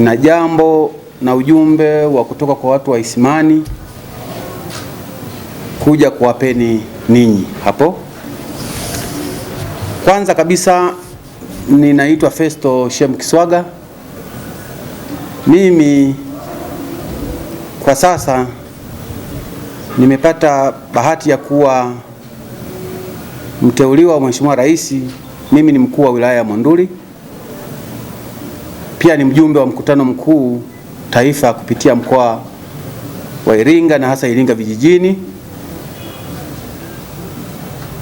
na jambo na ujumbe wa kutoka kwa watu wa Isimani kuja kuwapeni ninyi hapo. Kwanza kabisa ninaitwa Festo Shem Kiswaga. Mimi kwa sasa nimepata bahati ya kuwa mteuliwa wa Mheshimiwa Rais. Mimi ni mkuu wa wilaya ya Monduli pia ni mjumbe wa mkutano mkuu taifa kupitia mkoa wa Iringa na hasa Iringa vijijini,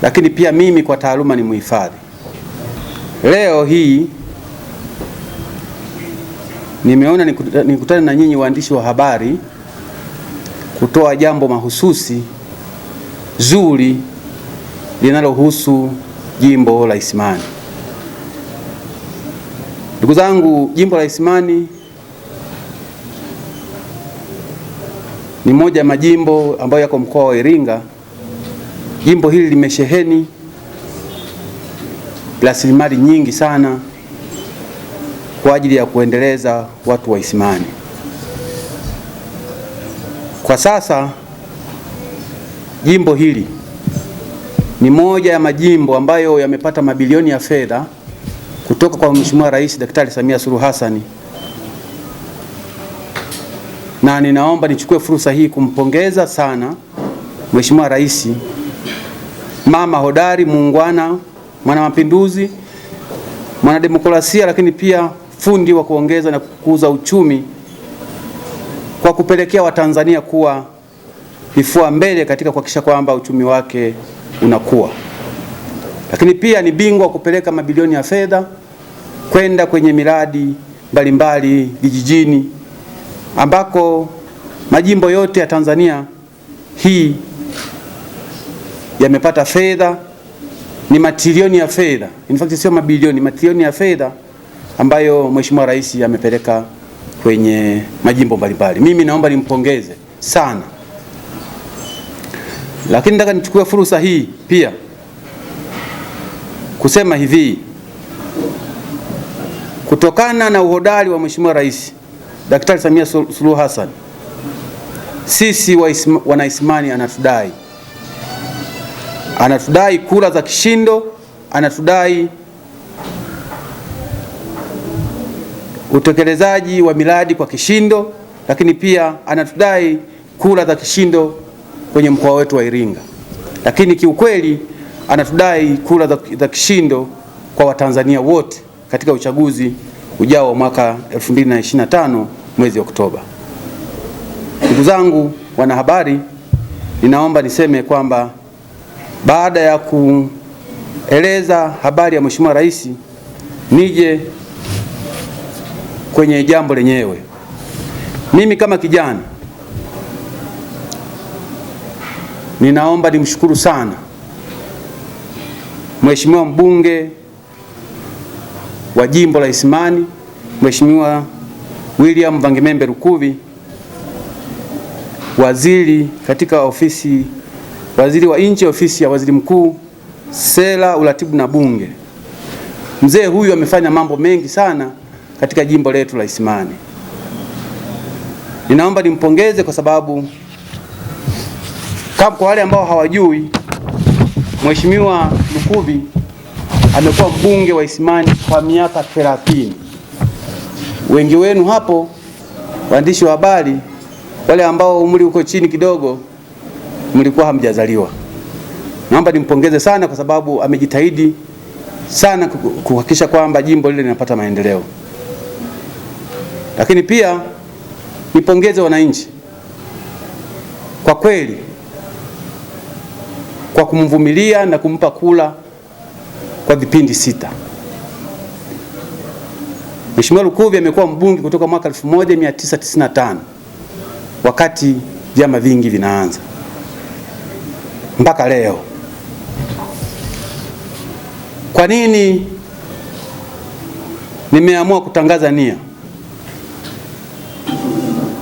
lakini pia mimi kwa taaluma ni mhifadhi. Leo hii nimeona nikutane na nyinyi waandishi wa habari kutoa jambo mahususi zuri linalohusu jimbo la Isimani. Ndugu zangu, jimbo la Isimani ni moja ya majimbo ambayo yako mkoa wa Iringa. Jimbo hili limesheheni rasilimali nyingi sana kwa ajili ya kuendeleza watu wa Isimani. Kwa sasa jimbo hili ni moja ya majimbo ambayo yamepata mabilioni ya fedha kutoka kwa Mheshimiwa Rais Daktari Samia Suluhu Hassan, na ninaomba nichukue fursa hii kumpongeza sana Mheshimiwa Rais, mama hodari, muungwana, mwanamapinduzi, mwanademokrasia, lakini pia fundi wa kuongeza na kukuza uchumi kwa kupelekea Watanzania kuwa vifua mbele katika kuhakikisha kwamba uchumi wake unakuwa lakini pia ni bingwa kupeleka mabilioni ya fedha kwenda kwenye miradi mbalimbali vijijini ambako majimbo yote ya Tanzania hii yamepata fedha, ni matilioni ya fedha, in fact sio mabilioni, matilioni ya fedha ambayo Mheshimiwa Rais amepeleka kwenye majimbo mbalimbali. Mimi naomba nimpongeze sana, lakini nataka nichukue fursa hii pia kusema hivi, kutokana na uhodari wa Mheshimiwa Rais Daktari Samia Suluhu Hassan, sisi wanaisimani anatudai, anatudai kura za kishindo, anatudai utekelezaji wa miradi kwa kishindo, lakini pia anatudai kura za kishindo kwenye mkoa wetu wa Iringa, lakini kiukweli anatudai kura za, za kishindo kwa Watanzania wote katika uchaguzi ujao wa mwaka 2025 mwezi Oktoba. Ndugu zangu wanahabari, ninaomba niseme kwamba baada ya kueleza habari ya Mheshimiwa Rais, nije kwenye jambo lenyewe. Mimi kama kijana ninaomba nimshukuru sana Mheshimiwa mbunge wa jimbo la Isimani, Mheshimiwa William Vangemembe Lukuvi, waziri katika ofisi, waziri wa nchi ofisi ya waziri mkuu, sera, uratibu na bunge. Mzee huyu amefanya mambo mengi sana katika jimbo letu la Isimani. Ninaomba nimpongeze kwa sababu kwa wale ambao hawajui Mheshimiwa Lukuvi amekuwa mbunge wa Isimani kwa miaka 30. Wengi wenu hapo waandishi wa habari, wale ambao umri uko chini kidogo, mlikuwa hamjazaliwa. Naomba nimpongeze sana kwa sababu amejitahidi sana kuhakikisha kwamba jimbo lile linapata maendeleo, lakini pia nipongeze wananchi kwa kweli kwa kumvumilia na kumpa kula kwa vipindi sita. Mheshimiwa Lukuvi amekuwa mbunge kutoka mwaka 1995 wakati vyama vingi vinaanza mpaka leo. Kwa nini nimeamua kutangaza nia?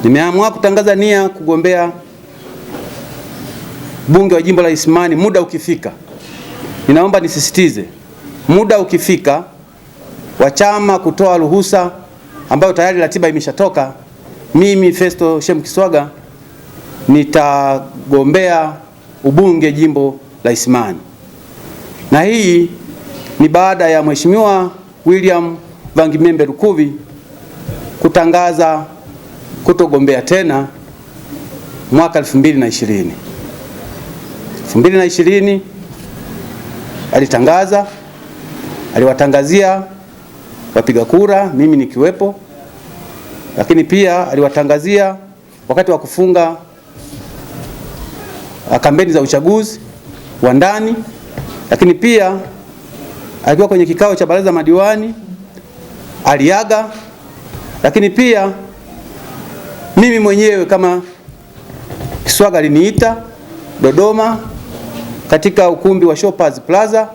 Nimeamua kutangaza nia kugombea bunge wa jimbo la Isimani, muda ukifika, ninaomba nisisitize, muda ukifika wa chama kutoa ruhusa ambayo tayari ratiba imeshatoka, mimi Festo Shem Kiswaga nitagombea ubunge jimbo la Isimani, na hii ni baada ya Mheshimiwa William Vangimembe Lukuvi kutangaza kutogombea tena mwaka 2020. 2020 alitangaza, aliwatangazia wapiga kura, mimi nikiwepo, lakini pia aliwatangazia wakati wa kufunga uh, kampeni za uchaguzi wa ndani, lakini pia alikuwa kwenye kikao cha baraza madiwani aliaga, lakini pia mimi mwenyewe kama Kiswaga aliniita Dodoma katika ukumbi wa Shoppers Plaza,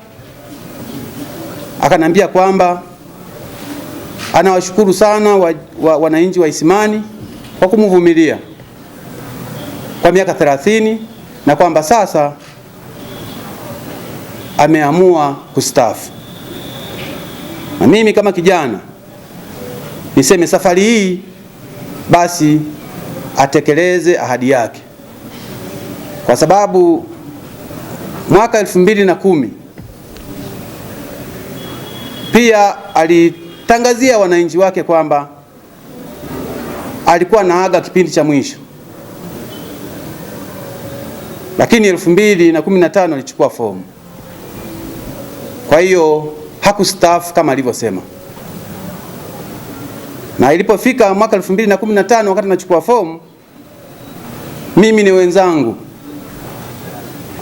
akanambia kwamba anawashukuru sana wa, wa, wa Isimani kwa kumvumilia kwa miaka 30 na kwamba sasa ameamua kustaafu. Na mimi kama kijana niseme safari hii basi atekeleze ahadi yake, kwa sababu Mwaka elfu mbili na kumi pia alitangazia wananchi wake kwamba alikuwa naaga kipindi cha mwisho, lakini elfu mbili na kumi na tano alichukua fomu. Kwa hiyo hakustaafu kama alivyosema, na ilipofika mwaka elfu mbili na kumi na tano wakati anachukua fomu, mimi ni wenzangu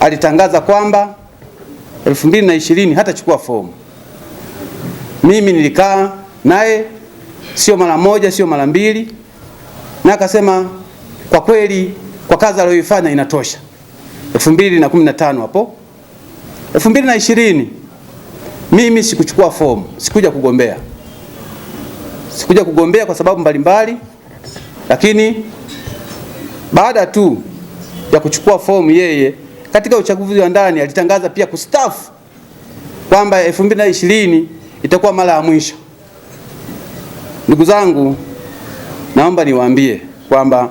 alitangaza kwamba 2020 hatachukua fomu. Mimi nilikaa naye sio mara moja, sio mara mbili, na akasema kwa kweli kwa kazi aliyoifanya inatosha. 2015 hapo 2020 mimi sikuchukua fomu, sikuja kugombea, sikuja kugombea kwa sababu mbalimbali mbali, lakini baada tu ya kuchukua fomu yeye katika uchaguzi wa ndani alitangaza pia kustaafu kwamba 2020 itakuwa mara ya mwisho. Ndugu zangu, naomba niwaambie kwamba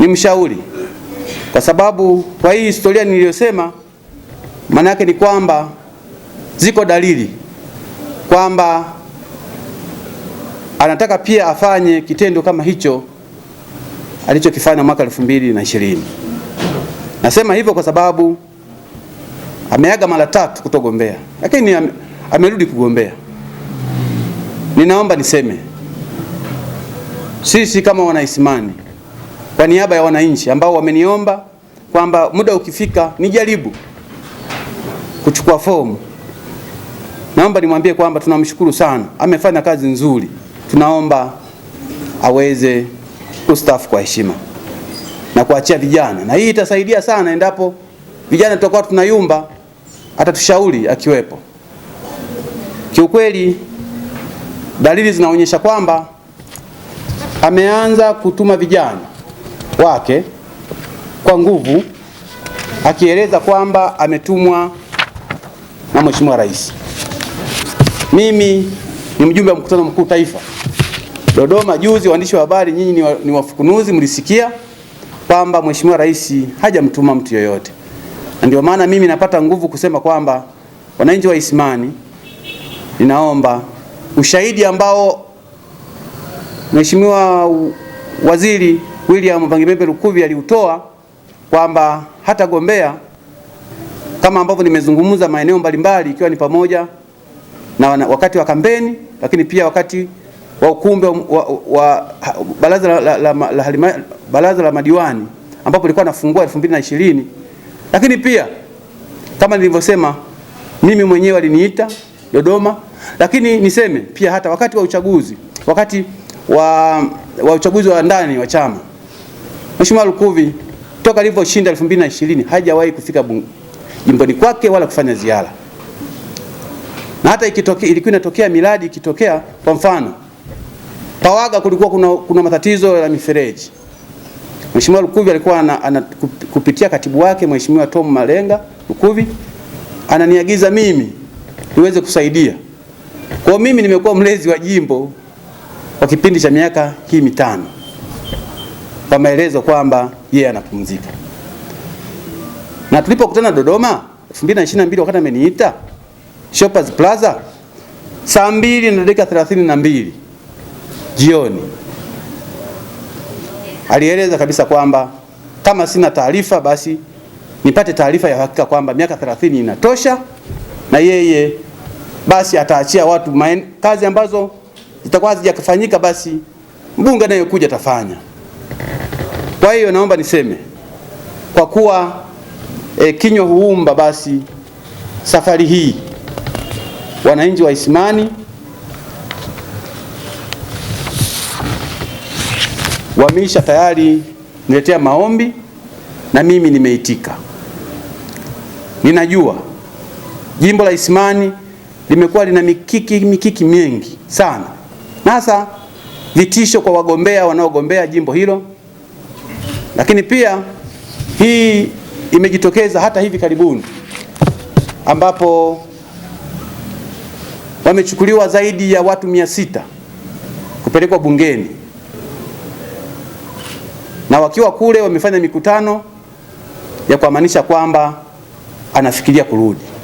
ni mshauri, kwa sababu kwa hii historia niliyosema, maana yake ni kwamba ziko dalili kwamba anataka pia afanye kitendo kama hicho alichokifanya mwaka 2020. Nasema hivyo kwa sababu ameaga mara tatu kutogombea, lakini amerudi kugombea. Ninaomba niseme sisi kama Wanaisimani, kwa niaba ya wananchi ambao wameniomba kwamba muda ukifika nijaribu kuchukua fomu, naomba nimwambie kwamba tunamshukuru sana, amefanya kazi nzuri. Tunaomba aweze kustaafu kwa heshima na kuachia vijana, na hii itasaidia sana endapo vijana tutakuwa tunayumba, atatushauri akiwepo. Kiukweli dalili zinaonyesha kwamba ameanza kutuma vijana wake kwa nguvu, akieleza kwamba ametumwa na Mheshimiwa Rais. Mimi ni mjumbe wa mkutano mkuu taifa Dodoma juzi, waandishi wa habari nyinyi ni wafukunuzi, mlisikia kwamba Mheshimiwa Rais hajamtuma mtu yoyote, na ndio maana mimi napata nguvu kusema kwamba wananchi wa Isimani, ninaomba ushahidi ambao Mheshimiwa Waziri William Vangimembe Lukuvi aliutoa kwamba hata gombea kama ambavyo nimezungumza maeneo mbalimbali, ikiwa ni pamoja na wakati wa kampeni, lakini pia wakati wa ukumbi wa, wa, wa baraza la, la, la, la, la, la, baraza la madiwani ambapo ilikuwa nafungua 2020 lakini pia kama nilivyosema mimi mwenyewe aliniita Dodoma, lakini niseme pia hata wakati wa uchaguzi, wakati wa, wa uchaguzi wa ndani wa chama, Mheshimiwa Lukuvi toka alivyoshinda 2020 hajawahi kufika jimboni kwake wala kufanya ziara, na hata ikitokea, ilikuwa inatokea miradi ikitokea, kwa mfano Pawaga kulikuwa kuna, kuna matatizo ya mifereji Mheshimiwa Lukuvi alikuwa ana, ana, kupitia katibu wake Mheshimiwa Tom Malenga Lukuvi ananiagiza mimi niweze kusaidia. Kwa mimi nimekuwa mlezi wa jimbo kwa kipindi cha miaka hii mitano kwa maelezo kwamba yeye yeah, anapumzika. Na tulipokutana Dodoma 2022 wakati ameniita Shoppers Plaza saa mbili na dakika 32 jioni alieleza kabisa kwamba kama sina taarifa basi nipate taarifa ya hakika kwamba miaka 30 inatosha, na yeye basi ataachia watu maen, kazi ambazo zitakuwa hazijafanyika basi mbunge anayekuja atafanya. Kwa hiyo naomba niseme kwa kuwa e, kinywa huumba, basi safari hii wananchi wa Isimani wameisha tayari niletea maombi na mimi nimeitika. Ninajua jimbo la Isimani limekuwa lina mikiki mikiki mingi sana, na hasa vitisho kwa wagombea wanaogombea jimbo hilo, lakini pia hii imejitokeza hata hivi karibuni ambapo wamechukuliwa zaidi ya watu mia sita kupelekwa bungeni na wakiwa kule wamefanya mikutano ya kuamanisha kwamba anafikiria kurudi.